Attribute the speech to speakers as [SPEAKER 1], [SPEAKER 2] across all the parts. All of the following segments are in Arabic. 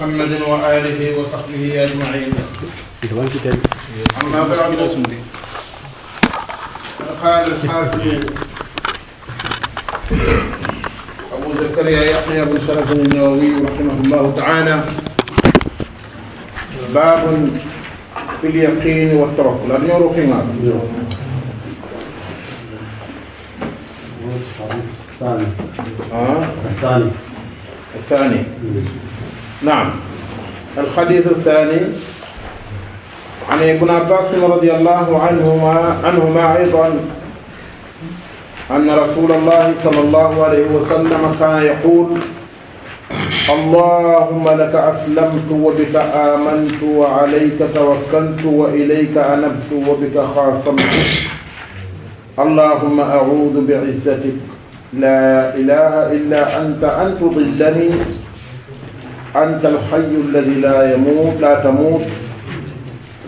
[SPEAKER 1] محمد وآله وصحبه أجمعين أما بعد قال الحافي أبو زكريا يحيى بن شرف النووي رحمه الله تعالى باب في اليقين والتوكل أن يرقي الثاني الثاني الثاني نعم الحديث الثاني عن ابن عباس رضي الله عنهما عنهما ايضا ان رسول الله صلى الله عليه وسلم كان يقول اللهم لك اسلمت وبك امنت وعليك توكلت واليك انبت وبك خاصمت اللهم اعوذ بعزتك لا اله الا انت ان تضلني أنت الحي الذي لا يموت لا تموت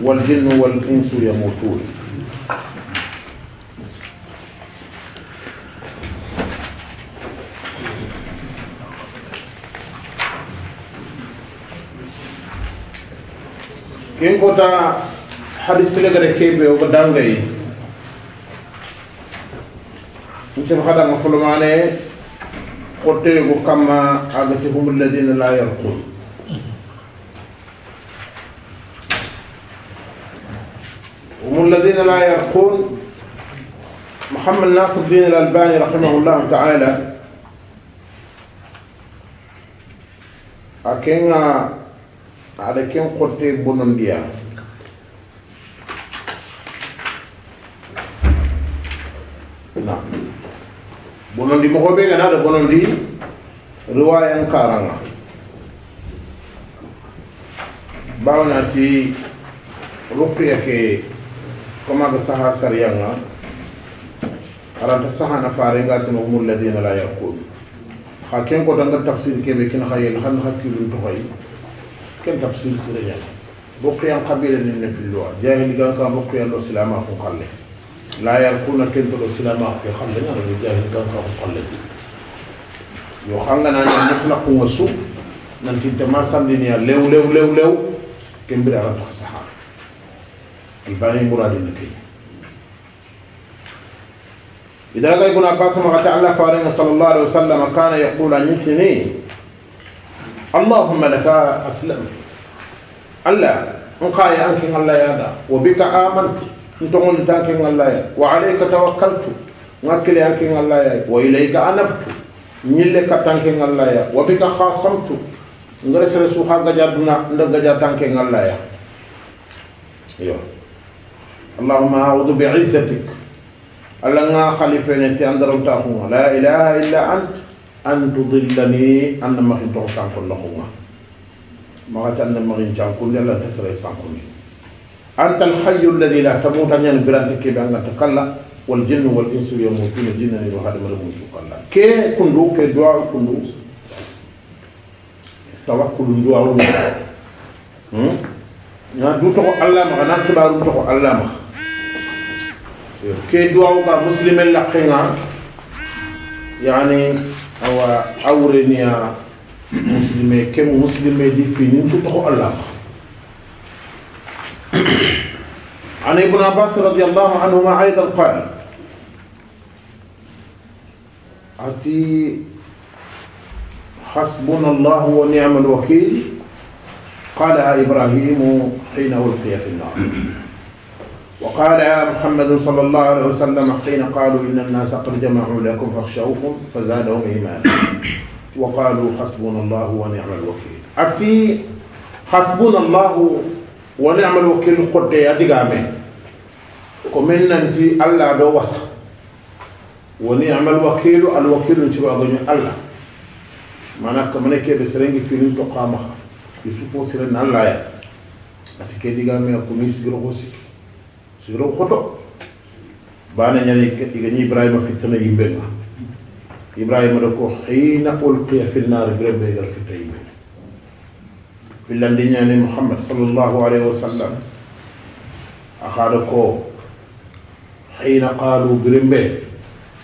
[SPEAKER 1] والجن والإنس يموتون كيف كنت حديث لك ركيب وقدام غير إن شاء الله قتيغو كما هم الذين لا يرقون هم الذين لا يرقون محمد ناصر الدين الألباني رحمه الله تعالى أكينا على كين قتيغ بنون bonondi moko be gana da bonondi riwayan karanga bawnati ruqya ke komaga saha sariyanga aranta saha nafarengatino hum alladina la yaqul xa ken kotanga kan tafsir kebe ken xa yen xan xa kilun ken tafsir bokki an qabila ni ne filloa ga ka an lo silama ko xalle لا يكون كنت الاسلام في خلنا الرجال كان قلت يو خلنا ان نخلق وسو ننتي تماسن دنيا لو لو لو لو كم بلا رب الصحاب الباني مراد انك اذا لا يكون عباس ما تعالى فارين صلى الله عليه وسلم كان يقول ان يتني اللهم لك اسلمت الله ان قايا انك الله يا وبك امنت نتقول دانك إن الله يا وعليك توكلت ما كلي أنك إن الله يا وإليك أنبت نيلك دانك إن الله يا وبك خاصمت نغرس رسوخا جادنا نغجا دانك إن الله يا اللهم أعوذ بعزتك الله نا خليفة نتي أندرو تاهو لا إله إلا أنت أن تضلني أن ما خنتو سانكو لخوما ما غتان ما غنتو كل لا تسري سانكو أنت الحي الذي لا تموت أن ينبرانك كي بأن تقلع والجن والإنس يموتون جنا وهذا مرمون تقلى كي كندو كي دعاء كندو توكل دعاء دو الله مغا نان تبارو تقو الله مغا كي دعاء با مسلم لقنا يعني أو أورنيا مسلمي كم مسلمي دي فينين تقو الله مغا عن ابن عباس رضي الله عنهما أيضا قال أتي حسبنا الله ونعم الوكيل قالها إبراهيم حين ألقي في النار وقالها محمد صلى الله عليه وسلم حين قالوا إن الناس قد جمعوا لكم فاخشوهم فزادهم إيمانا وقالوا حسبنا الله ونعم الوكيل أتي حسبنا الله wala amal wakil qotte adigame ko men nanti alla do wasa woni amal wakilu al wakilu ci wago ñu alla manaka manake be serengi filin to qama yusufu sirin la ya ati ke digame ko mi sigro ko sik sigro ko to bana ñani ke diga ñi ibrahima fitna yimbe ibrahima do ko hina ulqiya fil nar ibrahima gal fitna yimbe في ñani muhammad صلى الله عليه وسلم axaada حين قالوا برمب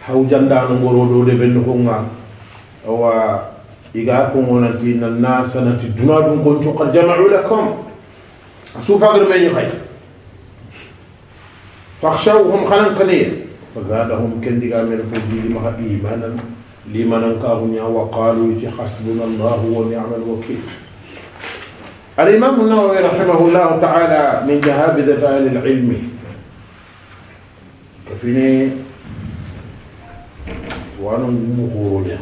[SPEAKER 1] هاو جندان غورودو دي بن و يغا كونغونا الناس نتي دونا دون كنت قد جمعوا لكم سوفا غير من يخي فاخشوهم خلن كنية فزادهم كندي غامر فوجي لما إيمانا لمن انكاهم وقالوا حسبنا الله ونعم الوكيل الإمام النووي رحمه الله تعالى من جهابذة أهل العلم kafine wano muhurule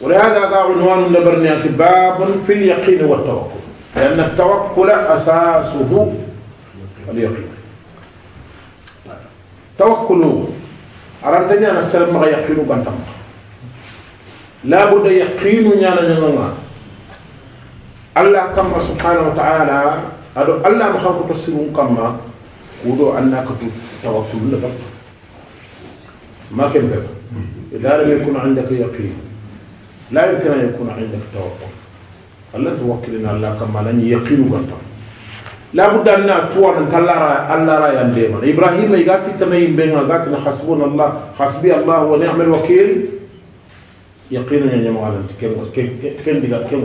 [SPEAKER 1] ولهذا هذا عنوان لبرنية باب في اليقين والتوكل لأن التوكل أساسه اليقين توكل أردنا أن السلام يقين بنتم لا بد يقين أن يانا الله kamma subhanahu wa ta'ala aɗo allah ma hankoto sirun kamma kuɗo anna katu ما كان بابا إذا لم يكن عندك يقين لا يمكن أن يكون عندك توكل الله توكلنا الله كما لن يقين غطا لا بد أن نأتوا أن الله را الله إبراهيم يقال في تميم بين ذاتنا حسبنا الله حسبي الله ونعم الوكيل يقينا يا جماعة كيف كيف كيف كم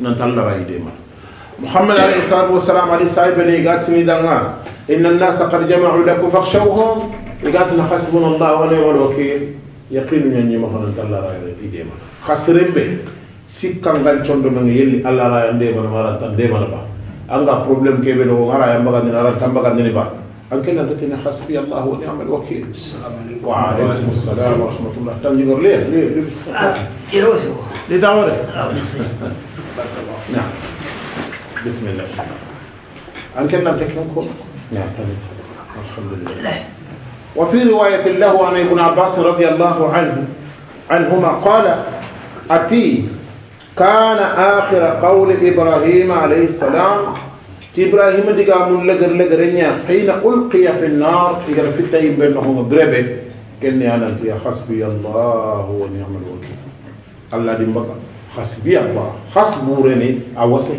[SPEAKER 1] نتلى ديما محمد عليه الصلاه والسلام علي صاحب اللي قاتل ان الناس قد جمعوا لكم فاخشوهم يقاتل حسبنا الله ونعم الوكيل يقين اني ما نتلى رايدما خسر به سكان غير شوند من يلي الا راي ديما ما ديما با ان بروبليم كي بينو غرا يم بغا نرا تم بغا نني با ان كان دتني حسبي الله ونعم الوكيل السلام عليكم وعليكم السلام ورحمه الله تنجر ليه آه، ليه
[SPEAKER 2] ليه
[SPEAKER 1] يروسو ليه داوره آه، بسم الله الرحمن الرحيم أن كنا بتكلمكم؟ نعم الحمد لله وفي رواية له عن ابن عباس رضي الله عنه عنهما قال أتي كان آخر قول إبراهيم عليه السلام إبراهيم ديغا من لغر لغرنيا حين ألقي في النار تغر في التايم بينهم بربه كني أنا أنت يا حسبي الله ونعم الوكيل الله دي حسبي الله حسبورني أوسي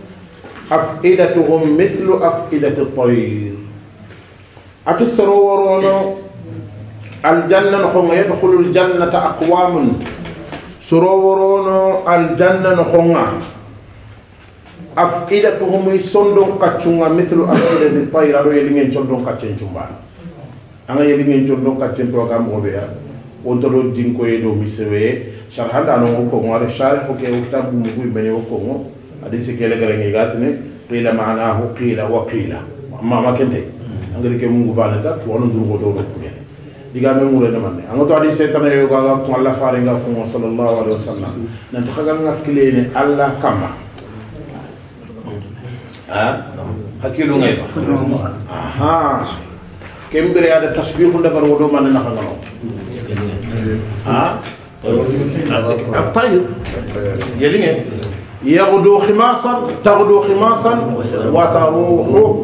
[SPEAKER 1] أفئدتهم مثل أفئدة الطير أتسرورون الجنة نخون يدخل الجنة أقوام سرورون الجنة نخون أفئدتهم يسندون قتشون مثل أفئدة الطير أرو يلين يسندون قتشين جمبا أنا يلين يسندون قتشين توقام غبيا وترو دينكو يدو ميسوي شرحان دانو وكو مارشاري وكو كتاب مغوي بني وكو hadis kele garengi gatini qila manahu qila wa qila mama kente angere ke mungu bana ta to wono duru goto do kunya diga me mure ne manne anga to hadis tan e ga ga ko Allah fare nga ko sallallahu alaihi wasallam nan to kaga nga kilene Allah kama ha hakilu ngai ba aha kembere ada tasbih hunda kar wodo manne na kanga no ha الطير يليه يغدو خماصا تغدو خماصا وتروح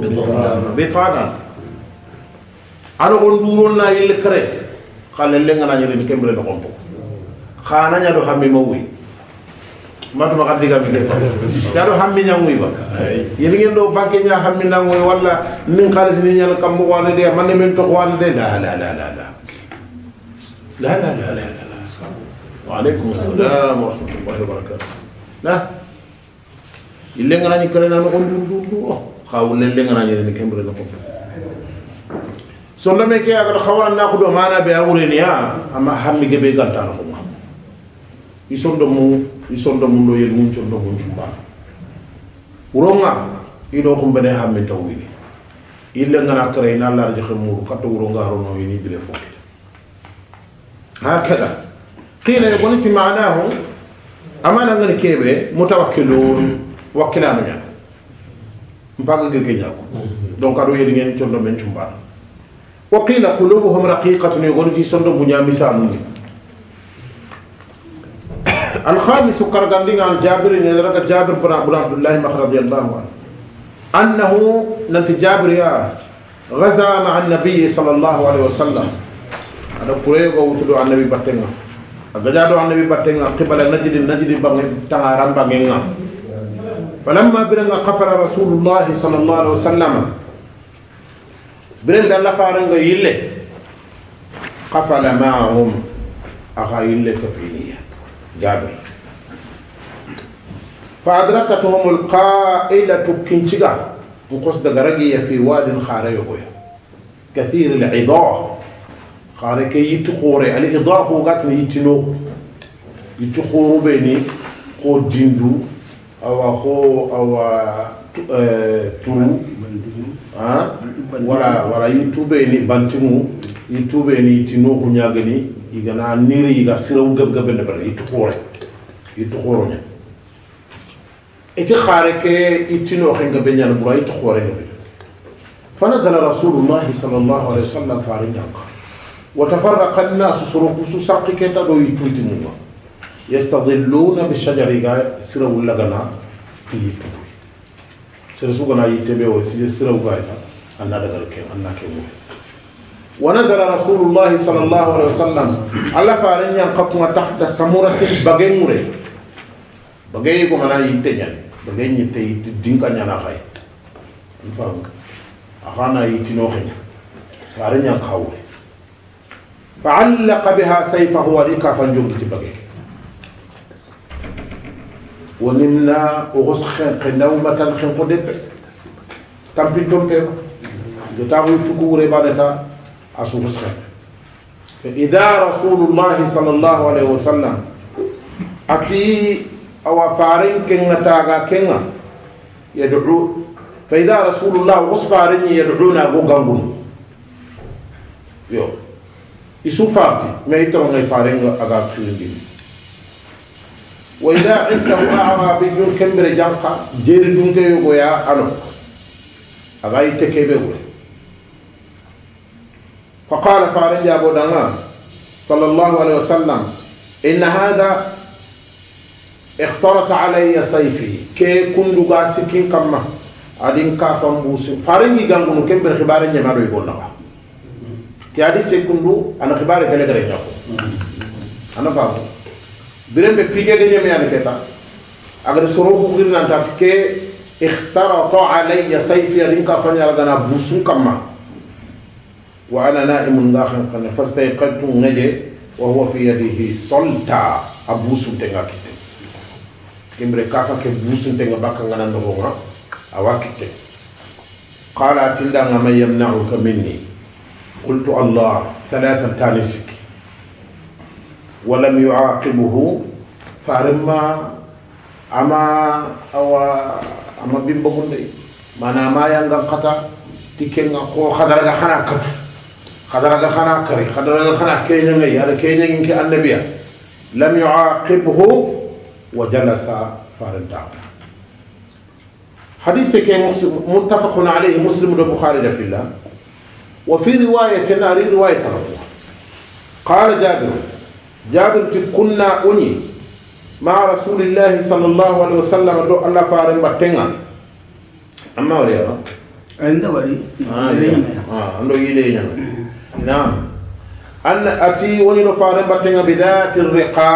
[SPEAKER 1] بطانا أنا غندورنا يلكرت قال لنا أنا يرين كمبر نقوم خانا نلو همي موي ما تما قد ديغا بيجي يالو همي نياموي با يرين دو باكي نيا همي ناموي ولا من خالص ني نيال كم وانا دي من من تو وانا دي لا لا لا لا لا لا لا لا لا وعليكم السلام ورحمة الله وبركاته لا ille nganani karena no kondu ndu ndu o khawul le nganani ne kembre no kondu sollame ke agar khawran na ko do mana be awre ni ya amma hammi ge be ganta no ma isondo mu isondo mu do yel mun chondo mun chuba uronga ido kumbene hamme tawili ille ngana karena Allah rajhi muru katto uronga harono yini bile fokki هكذا قيل يقول معناه أما لأنك كيف متوكلون wakkilano ñan mpaga ngirge ñako mhm. donc aɗo yeri ngeni condo men cumbano wa qila qulubuhum raqiqatun yogoniti sondo buña misaluni الخامس كرغاندين عن جابر نذرك جابر بن عبد الله مخ رضي الله عنه أنه ننت جابر يا غزا مع النبي صلى الله عليه وسلم أنا كوري غوتلو عن النبي باتنا أجادو عن النبي باتنا قبل نجد نجد بغن تهاران بغنغا فلما برنا قفر رسول الله صلى الله عليه وسلم برنا لفارنغ يلي قفل معهم أخا يلي كفينية جابر فأدركتهم القائلة كنشقة وقصد غرقية في واد خاريه كثير العضاء خارك يتخوري الإضاء هو قاتل يتنو يتخور بيني قد جندو او اخو او أه، تو ها أه، آه، ولا ولا يتوبي ني بانتمو يتوبي ني تينو كنياغني يغنا نيري يغا سيرو غب غب نبر يتوور يتوور ني اتي خارك يتينو خين غب نيان بو يتوور ني فنزل رسول الله صلى الله عليه وسلم فارنجا وتفرق الناس سرق سرق كتابو يتوتي يستظلون بالشجر غا سرو لغنا يتو سرسو غنا يتبه وسرو غا أنا دغر كي أنا كي ونزل رسول الله صلى الله عليه وسلم الله فارن ينقطع تحت سمورة بغير بغير كما لا يتنيا بغي يتي دينكا نانا خاي فاهم أخانا يتنو خنيا فارن ينقاور فعلق بها سيفه وليكا فنجوم تبغي ونمنا وغس خن خنا وما كان خن قدر كم بيتم كم جتاو يتكور بعدك أسوق خن فإذا رسول الله صلى الله عليه وسلم أتي أو فارين كنا تاجا كنا يدعو فإذا رسول الله غس فارن يدعونا بوجانبون يو يسوع فارتي ما يترون فارن أغاق كيرين وإذا عندهم أعرابي كم رجعك جير دون كيو أنو أغاي تكيبه فقال فارج أبو دانا صلى الله عليه وسلم إن هذا اخترت علي صيفي كي كندو غاسكين كما أدين كافم بوسي فارنجي غانغونو كم برخبار نيمارو يبونا كي أدي سيكندو أنا خبار كلا غريجاكو أنا فاهم برم بفيجة دي جميع نكتا يعني أقل سروق غير نتبكي اخترط علي سيفي لنك فني لغنا بوسو كما وأنا نائم داخل قنا فاستيقظت نجي وهو في يده سلطة أبوسو تنغا كتا كمبري كافا كبوسو تنغا باكا غنا نغوغا أوا كتا قال أتلا ما يمنعك مني قلت الله ثلاثة تانسي ولم يعاقبه فارما أما أو أما بيمبغون دي ما أنا ما خطا قطع تكين أقو خدر خنا كت خدر خنا كري خدر خنا كينين يا كينين كالنبي لم يعاقبه وجلس فارنتا حديث كان متفق عليه مسلم والبخاري في الله وفي رواية أريد رواية قال جابر jabir ti kunna oni ma rasulillahi sallallahu alaihi wasallam do allah fare mbattenga amma wala ya anda wari ah ando yile nya naam an ati woni do fare mbattenga bi dhati riqa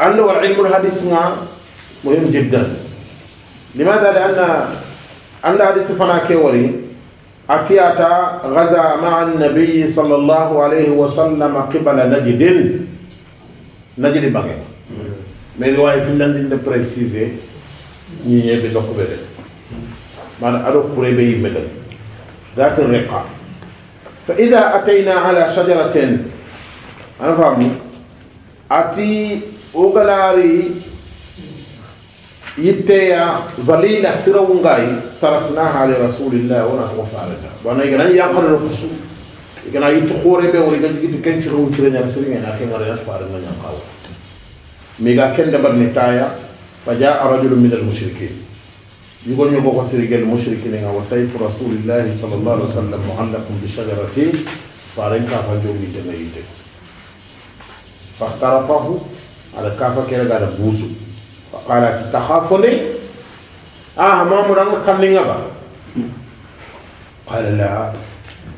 [SPEAKER 1] ando wa ilmu hadith nga muhim jiddan لماذا لان ان الحديث فنا كوري أتياتا غزا مع النبي صلى الله عليه وسلم قبل نجد نجد بغي مي رواية في لندن دي بريسيزي ني ني بي دوك بي مان ادو كوري بي مدل ذات الرقة فإذا أتينا على شجرة أنا فاهم أتي أوغلاري يتيا ظليل سر ونغاي تركناها لرسول الله وانا هو فارجها وانا يقرا يقرا الرسول يقرا يتخوري به ويقرا يجد كنشر ونشرين يا مسلم يعني اخي مريم فارجها يا قاو ميغا كندا برنتايا فجاء رجل من المشركين يقول يبغى سيرك المشركين وسيف رسول الله صلى الله عليه وسلم معلق بشجرة فارنكا فجومي جميلتك فاخترقه على كافة كده بعد بوسو قال تخافني اه ما مران خلينا با قال لا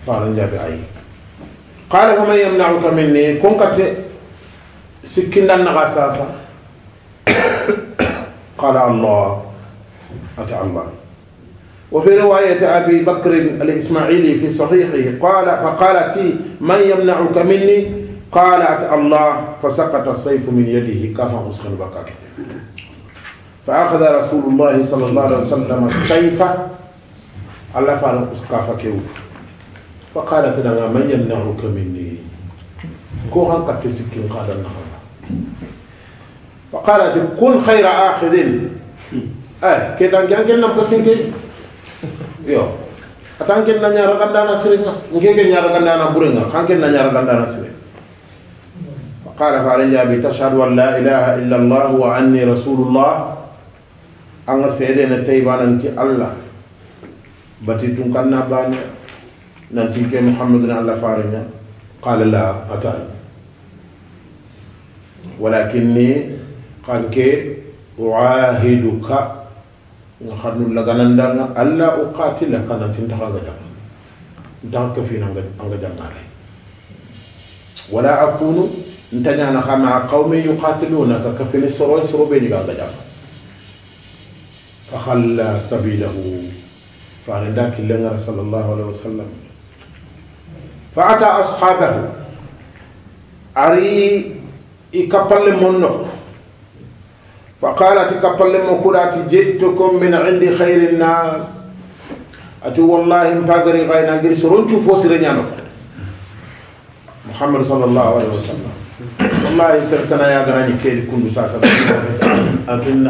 [SPEAKER 1] قال لا بعي قال وما يمنعك مني كون كت سكين لنا قال الله اتى الله وفي رواية أبي بكر الإسماعيلي في صحيحه قال فقالت من يمنعك مني قالت الله فسقط السيف من يده كفى مسخن بكاكته فأخذ رسول الله صلى الله عليه وسلم السيف على فعل أسقاف كيو فقال لنا من يمنعك مني كوهان قد تسكين قال النهار فقالت كن خير آخذ أه كده أنك أنك نم سنجي يو أتانك نانيا رغندانا سرنا نكيك نانيا رغندانا برنا خانك نانيا رغندانا سرنا فقال فعلي أبي تشهد أن لا إله إلا الله وأني رسول الله an ga seede na tayba nanti allah bati tun kan na bane nanti ke muhammadu na allah farenya qala la atani walakinni kan ke uahiduka nga xanu laganandanga alla uqatila kananti ntaxanga jang ntaxa kafin anga jangare wala akunu ntañana xama qawmi yuqatilunaka kafini soroy soro be ñiganga janga فخلى سبيله فعلى ذاك اللي صلى الله عليه وسلم فأتى أصحابه أري يكبل منه فقالت إكبل مكرات جئتكم من عند خير الناس أتو والله مباقري غينا غير سرنتو فوسر محمد صلى الله عليه وسلم والله سرتنا يا غراني كيد كندو ساسا نعم،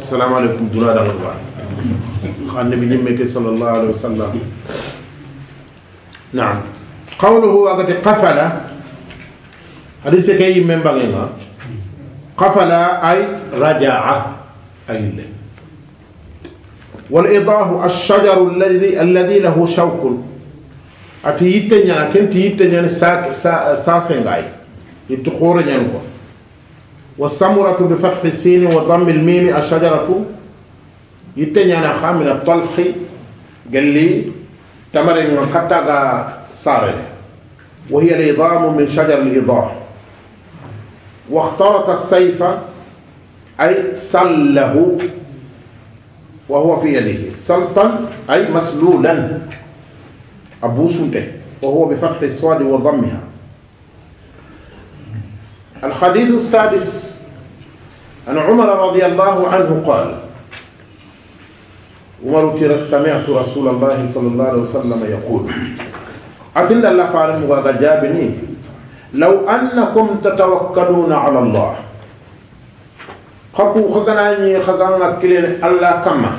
[SPEAKER 1] السلام عليكم دولا دا غبا خان نبي نيمك صلى الله عليه وسلم نعم قوله وقت قفل حديث كي من بغينا قفل اي رجع اي لي. والإضاه الشجر الذي الذي له شوك أتي يتنيا كنت يتنيا ساسين غاي يتخورنيا نقول والسمرة بفتح السين وضم الميم الشجرة يتنيانا خامن الطلخ قال لي تمر من حتى صار وهي العظام من شجر الإضاح واخترت السيف أي سله وهو في يده سلطا أي مسلولا أبوسته وهو بفتح الصاد وضمها الحديث السادس أن عمر رضي الله عنه قال عمر سمعت رسول الله صلى الله عليه وسلم يقول أتند الله فارم وغجابني لو أنكم تتوكلون على الله خكو خغناني خغان أكلين الله كما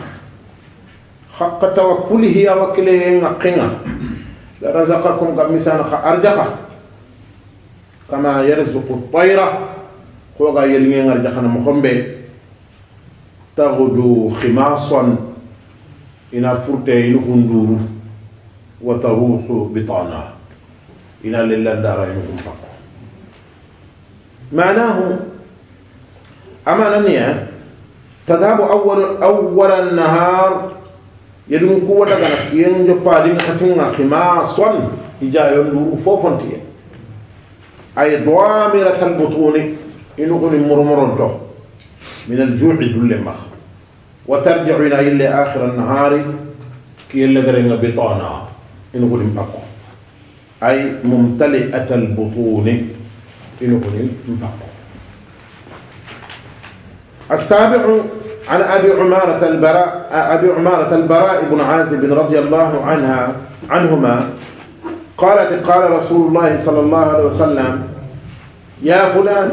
[SPEAKER 1] حق توكله وكله أقنا لرزقكم كمسان أرجخه كما يرزق الطيرة خوغا يلمين الجخنا مخمبه تغدو خماصا إنا فرتي نهندور وتروح بطانا إنا لله دار إنهم معناه أما لنيا تذهب أول أول النهار يدوم قوة لك ينجب بعدين خماصا إجا يندور فوفنتيه أي ضامرة البطون إنغني مرمر الدو من الجوع ذل مخ وترجع إلى إلا آخر النهار كي يلغرن بطانا إنغني مبقو أي ممتلئة البطون إنغني مبقو السابع عن أبي عمارة البراء أبي عمارة البراء بن عازب رضي الله عنها عنهما قالت قال رسول الله صلى الله عليه وسلم يا فلان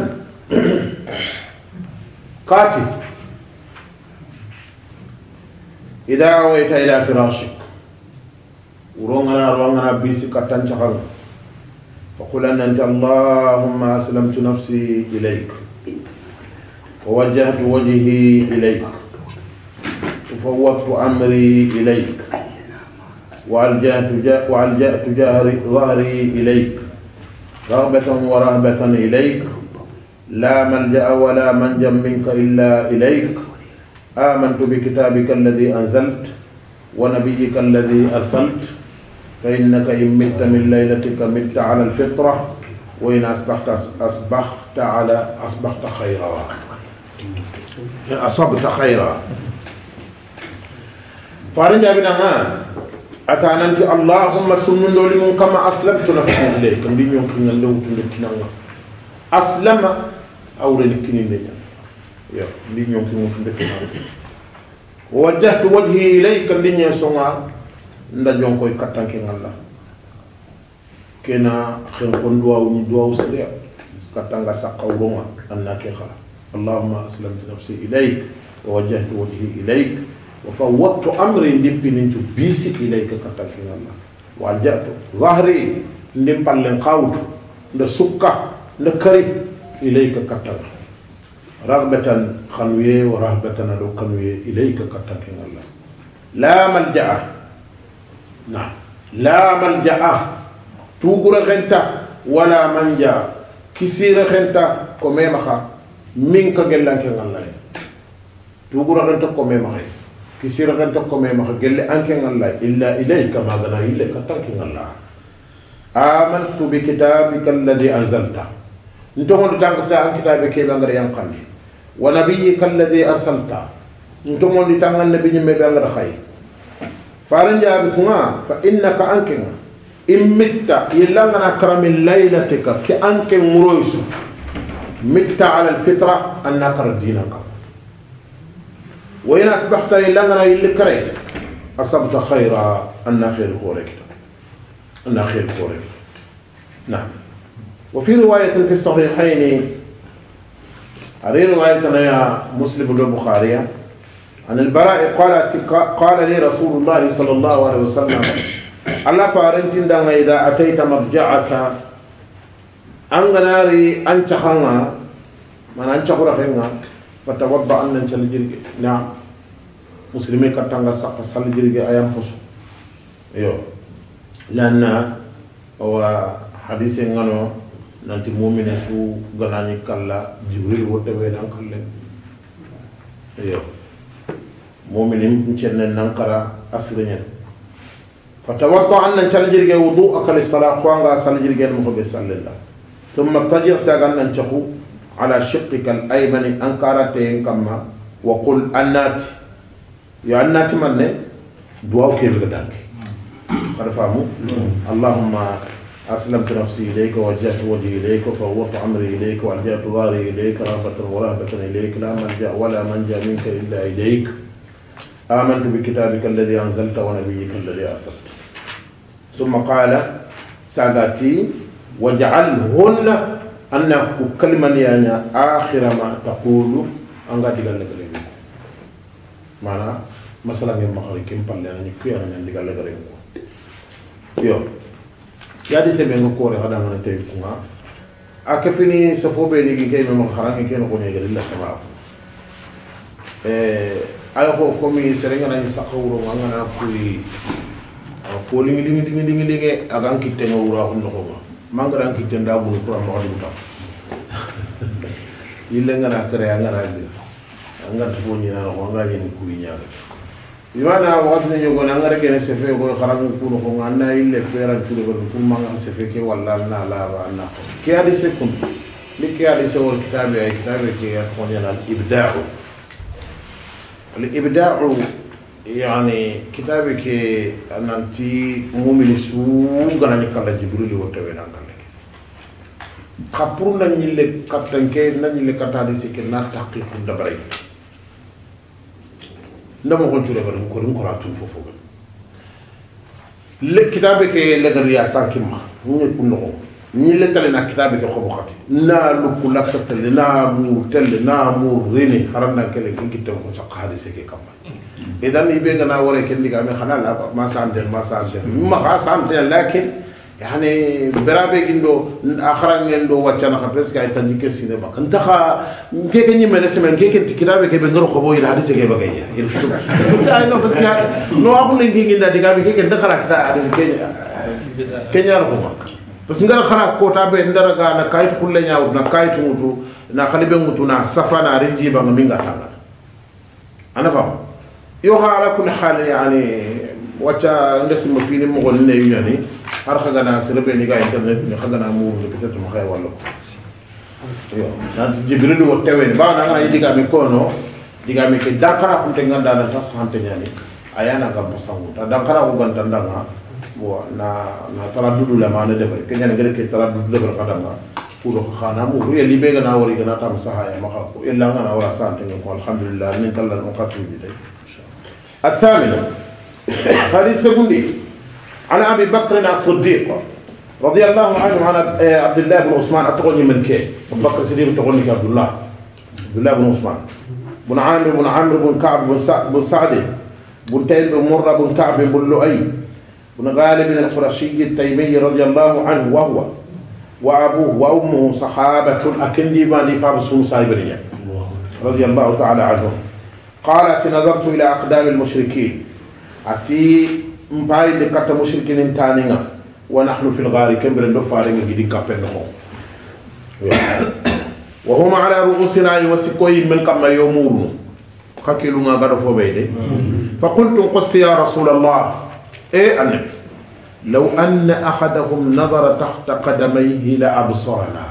[SPEAKER 1] قاتل إذا أويت إلى فراشك ورونغنا رونغنا بيسك تنشغل فقل أن أنت اللهم أسلمت نفسي إليك ووجهت وجهي إليك وفوضت أمري إليك وألجأت ظهري إليك رغبة ورهبة إليك لا ملجأ ولا منجا منك إلا إليك آمنت بكتابك الذي أنزلت ونبيك الذي أرسلت فإنك إن مت من ليلتك مت على الفطرة وإن أصبحت أصبحت على أصبحت خيرا أصبت خيرا فارنجا بنا atananti allahumma sunnundoli mum kama aslamtu nafsi ileyka mbi ñonkiñal lewtunde tinanga aslama awreni kininde ñam yo mbi ñonki mutunde tinanga wajjahtu wajhi ileyka ndi ñe songa nda jonkoy kattanke ngalla kena xen kon duwawuñi duwawu séréa kattanga saqqawronga anna ke xala allahumma aslamtu nafsi ileyk wa wajjahtu wajhi ileyk وفوضت أمري لبي نتو بيسك إليك كتل حين الله وألجأت ظهري لمبا لنقاوت لسكة لكريب إليك كتل رغبة خنوية ورهبة لو خنوية إليك كتل حين الله لا ملجأ نعم لا ملجأ توغر غنتا ولا منجا كسير غنتا كميمخا منك جلانك الله توغر غنتا كميمخا كسير غير دكو ما مخجل أنك الله إلا إليك ما غنا إلا كتاك الله آمنت بكتابك الذي أنزلت نتوهن تانكتا عن كتابك إلى أنك ينقل ونبيك الذي أرسلت نتوهن تانكتا عن نبي جمي بأنك خير فارن جابكما فإنك أنك إن ميت إلا من أكرم ليلتك كأنك مرويس ميت على الفطرة أنك ردينك أنك وإن أصبحت لنا كريت أصبت خيرا أن خير كورك أن خير كورك نعم وفي رواية في الصحيحين هذه رواية يا مسلم البخاري عن البراء قال قال لي رسول الله صلى الله عليه وسلم الله فارنت إذا أتيت مرجعك أنغناري أنشخنا من أنشخنا fatawadda an nan cal jirgi na muslimi katanga sakka sali jirgi ayam fosu yo lanna wa hadisi ngano nanti na su ganani kalla jibril wote we nan kalle yo mumine cenne nan kara fata fatawadda an nan cal jirgi wudu akali sala ko anga sal jirgi mo be sallallahu thumma tajir sagan nan chaku على شقك الأيمن أنكارتين كما وقل أنات يا أنات من دعاو كيف غداك فهموا اللهم أسلمت نفسي إليك ووجهت وجهي إليك فوضت أمري إليك وألجأت ظهري إليك رهبة ورهبة إليك لا جاء ولا جاء منك إلا إليك آمنت بكتابك الذي أنزلت ونبيك الذي أرسلت ثم قال سادتي واجعلهن anna ku kalimaniyaña akhirama taqulu anga digallegarebe ko mana masalange maxari ken palle anañi kuyanaña digallegare ko yo yadi semenga koore xadangana tey kunga a ke fini safo ɓe ɗigi ke mema xarange kene xoñegerilla sababu ala ko komi serenganañi saqa wuronga angana kuy a fo liŋi liŋi liŋi liŋi liŋe agan kitteño wura xun noxonga mangaran ki tenda bu ko ma wadi ta illa ngana kare ngana bi ngana to ni na ko ngana ni ku ni nyaaka imana wadi ni yogo na ngara kene se fe ko kharam ku ko ngana illa fera ku ko ku manga se fe ke walla na la wa na ke ali se kun ni ke ali se wal kitabe ay kitabe ke ya ko ni al ibda'u al ibda'u يعني كتابك أنتي مؤمن سوء غناني كلا جبريل وتبين كلا كابور نانيل كاتن كي نانيل كاتالي سكين نا تحقيق دبري نما كون شو لبرم كورم كراتون فوفو لك كتابك لغريا سانكيما نيكون نقول ñi lekkale na kitabe ke xobo xati na lukku lakka telle na muur telle na muur rini haranna kele ke gitten ko sakka hadi seke kamma idan ibe gana wore ken diga me xana la ma sante ma sante ma xa sante lakin yani berabe gindo akhara ngel do wacana xa presque ay tanji ke sine ba kan taxa keke ñi mene semaine keke ti kitabe ke be ngoro xobo ila hadi seke bagay ya il futu no parce que no akune ngi ngi da diga be keke ndakhara kita hadi seke kenya kenya ko parce que ngara khara kota be ndara ga na kayit kulle nyaaw na kayit mutu na khalibe mutu na safa na rinji ba ngami ngatanga ana fam yo hala kun hal yani wacha ngasi mo fini mo gol ne yuni har khaga na sirbe ni ga internet ni khaga na mu ni peut-être mo khay wallo yo na jibril wo tewen ba na ngi diga mi kono diga mi ke dakara kun te nganda na tas hante nyani ayana ga musangu ta dakara ko gantanda nga bon na na tara dudu la mana de bari kenya ngere ke tara dudu la kada ma kudo khana mu ri li bega na wori gana tam saha ya maka ko illa ngana wala san tan ko alhamdulillah min kala al muqatil bi tay الثامنة حديث سكندي عن أبي بكر الصديق رضي الله عنه عن عبد الله بن عثمان أتغني من كي أبو بكر الصديق تغني عبد الله عبد الله بن عثمان بن عامر بن عامر بن كعب بن سعد بن تيم بن مرة بن كعب بن لؤي بن غالب القرشي التيمي رضي الله عنه وهو وأبوه وأمه صحابة أكندي ما لفاب سايبرية رضي الله تعالى عنهم قالت نظرت إلى أقدام المشركين أتي مباي لقط مشركين تانينا ونحن في الغار كمبر النفارين جدي كابنهم وهم على رؤوسنا يوسكوي من كما يومون خكلوا ما غرفوا بيدي فقلت قست يا رسول الله ايه النبي لو أن أحدهم نظر تحت قدميه لأبصرنا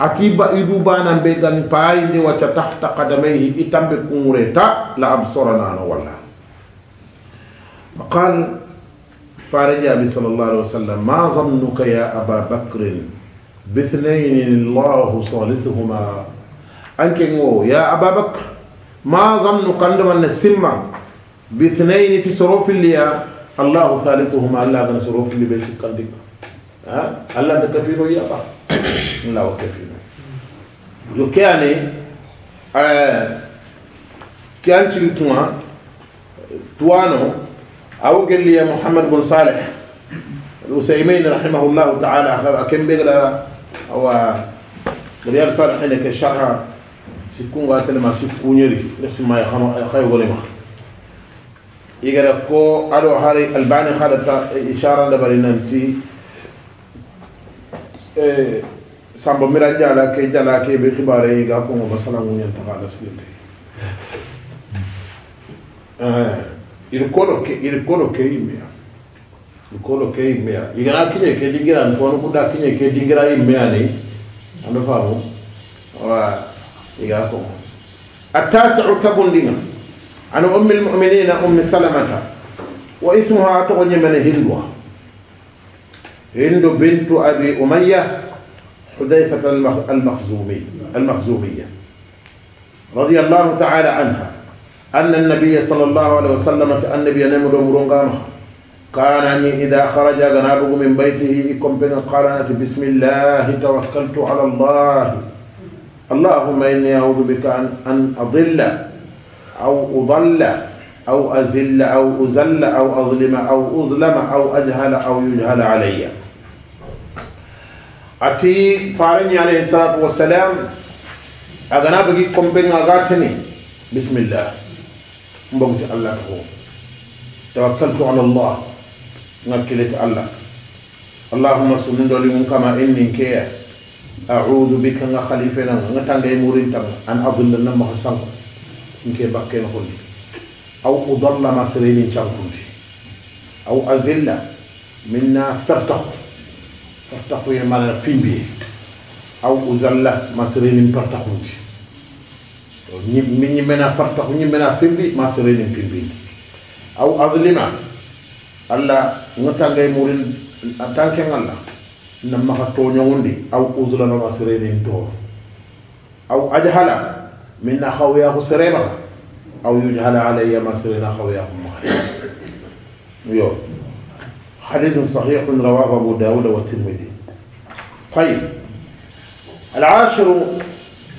[SPEAKER 1] أتيبا إدوبانا بيغان بايني وتحت تحت قدميه إتم بكوريتا لأبصرنا ولا فقال فارجى النبي صلى الله عليه وسلم ما ظنك يا أبا بكر باثنين الله صالثهما أنك يا أبا بكر ما ظنك عندما نسمع باثنين في صروف اللي الله ثالثهما الا من صروف اللي بيش كندك ها الله تكفير يا با الله وكفير جو كاني ا آه، كان تشلتوا توانو او قال لي محمد بن صالح الوسيمين رحمه الله تعالى كم بيقرا او ريال صالح انك الشرح سيكون غاتل ما سيكون يري اسم ما يخيو ولا مخ igara ko aɗo hari albani haɗata isara dabari nanti sambo mira jala ke jala ke ɓe xibare yiga kongo masalagu ñantaxaɗa silinte ir koɗo ke ir koɗo ke yimmeya ir koɗo ke yimmeya igana kiñe ke dingirani kono kuɗa kiñe ke dingira yimmeyani ando famu wa iga kongo a tasiu kabundinga عن أم المؤمنين أم سلمة واسمها تغني من هندوة هند بنت أبي أمية حذيفة المخزومي المخزومية رضي الله تعالى عنها أن النبي صلى الله عليه وسلم النبي نمر مرونغانه كان إذا خرج جنابه من بيته يكون بين قالت بسم الله توكلت على الله اللهم إني أعوذ بك أن أضل أو أضل أو أزل أو أزل أو أظلم أو أظلم أو أجهل أو يجهل علي أتي فارني عليه الصلاة والسلام أغنى بقي بين أغاتني بسم الله مبغت الله هو توكلت على الله نكلت الله اللهم صل على كما إني كيا أعوذ بك من خليفنا نتنجي مورين أن أضل لما خسنك nke bakkeno hondi aw udalla ma serelin cankundi aw azilla minna fertaku fertaku ye mana fimbiye aw uzalla ma serelin fertakundi mi ñimmena fertaku ñimmena fimbi ma serelin fimbindi aw azlima alla ngotangay murin en tant que ngalla nammaxa toñogundi aw uzlana ma serelin toor aw ajhala minna xawyaku seremaxa او يجهل علي ما serena xawyaku maxa حديث صحيح رواه أبو داود والترمذي طيب العاشر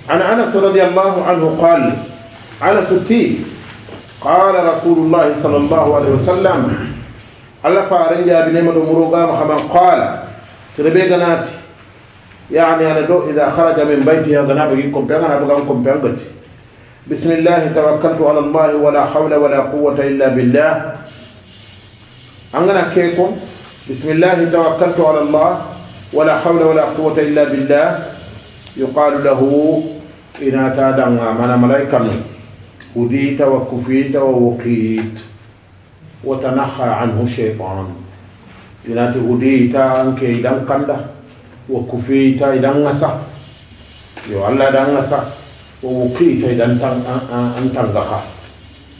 [SPEAKER 1] عن أنس رضي الله عنه قال على ستي قال رسول الله صلى الله عليه وسلم الله فارنجا بنعمة مروغا محمد قال سربيغناتي يعني أنا دو إذا خرج من بيتي غنا بيجي نعم كمبيان أنا بقى كمبيان بيتي بسم الله توكلت على الله ولا حول ولا قوة إلا بالله أنا كيكم بسم الله توكلت على الله ولا حول ولا قوة إلا بالله يقال له إن أتى من ملائكة هديت وكفيت ووقيت وتنخى عنه الشيطان إن هديت أنك إذا قنده wa ta idan ngasa yo Allah dan ngasa wa ta idan tan an tan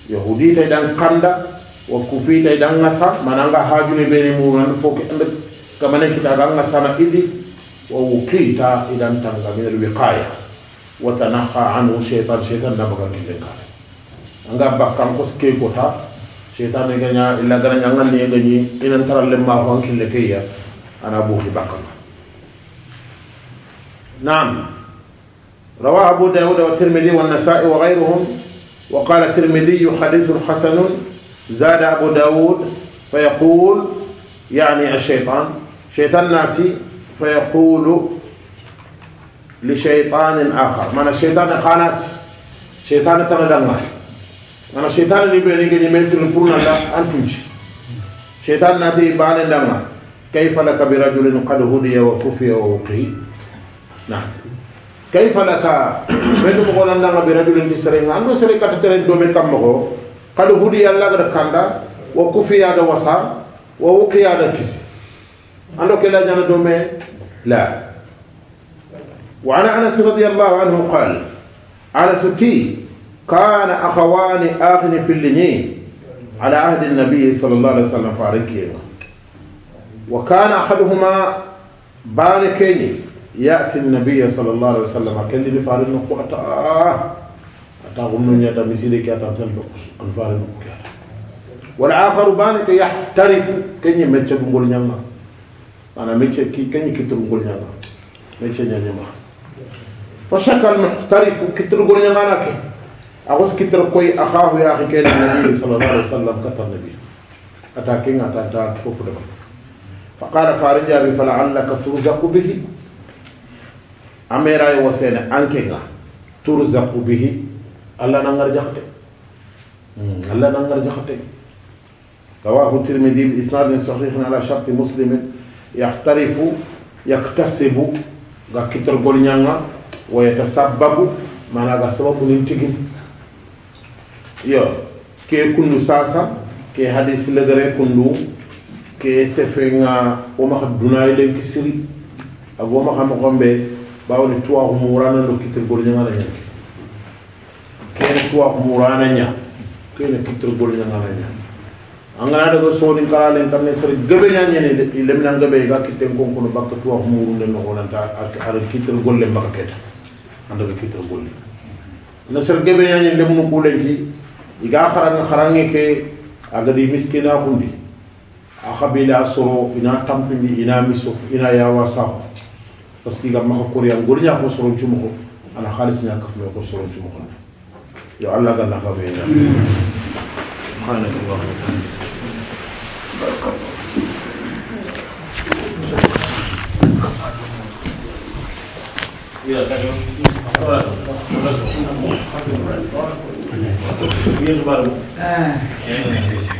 [SPEAKER 1] yo hudi ta idan kanda wa kufita idan ngasa mananga haju ne bere mu nan ande kamane kita dan ngasa na idi wa kufita idan tan ga mere wiqaya wa tanaha an shaytan shaytan na baka kite ka anga bakkan ko ske ko ta shaytan ne ganya illa ganya ngan ne inan taralle ma ho kille ke ya ana bu ki نعم رواه أبو داود والترمذي والنسائي وغيرهم وقال الترمذي حديث حسن زاد أبو داود فيقول يعني الشيطان شيطان ناتي فيقول لشيطان آخر من الشيطان خانت شيطان تندمر من الشيطان اللي بينك اللي ميت القرون لا أنتج شيطان ناتي بان دمر كيف لك برجل قد هدي وكفي ووقي نعم كيف لك من مقول أن برجل تسرين أنه سرين كتترين دومين كم مغو قد هدي الله قد كندا وكفي هذا وسا ووكي هذا كسي أنه كلا جانا دومين لا وعن أنس رضي الله عنه قال أنس تي كان أخوان آخن في الليني على عهد النبي صلى الله عليه وسلم فاركيه وكان أحدهما باركيني يأتي النبي صلى الله عليه وسلم كل اللي فعل إنه قوة أتاهم من يتا مسيري كي أتاهم الفعل إنه قوة والآخر بانك يحترف كن يمتش بقول نعمة أنا متش كي كن يكتر بقول نعمة متش نعمة فشكل المحترف كتر بقول نعمة كي أقص كتر كوي أخاه يا أخي كان النبي صلى الله عليه وسلم كتر النبي أتاكين أتاكين فوفدك فقال فارجا فلعلك ترزق به amera yo wasene anke nga turzaqu bihi alla nangar jaxte alla nangar jaxte رواه الترمذي بإسناد صحيح على شرط مسلم يحترف يكتسب كتر غولنيانغا ويتسبب ما نغا سبب نتيجي يو كي كنو ساسا كي حديث لغري كنو كي سفينغا وما دوناي لين كسري اغو ما خام غومبي bawni tuwaxumu wurana do kitir golñangana nya kene tuwaxumu wurana nya kene kitir golñangana nya angana daga kala len kamne sere gebe ñañene lemnan gebe ga kitten konkono bakka tuwaxumu wurunde noxonanta ara kitir golle mbaka keta andaga kitir golle na sere gebe ñañen lemnu kulenci iga xaranga xarange ke agadi miskina kundi, a xabila soro ina tampindi ina miso ina yawa sa pastiga maxa koriya y ko por cumuxo ana xaalis ña kafme ko soron cumuxona yo al ga de la subhanaka Yeah,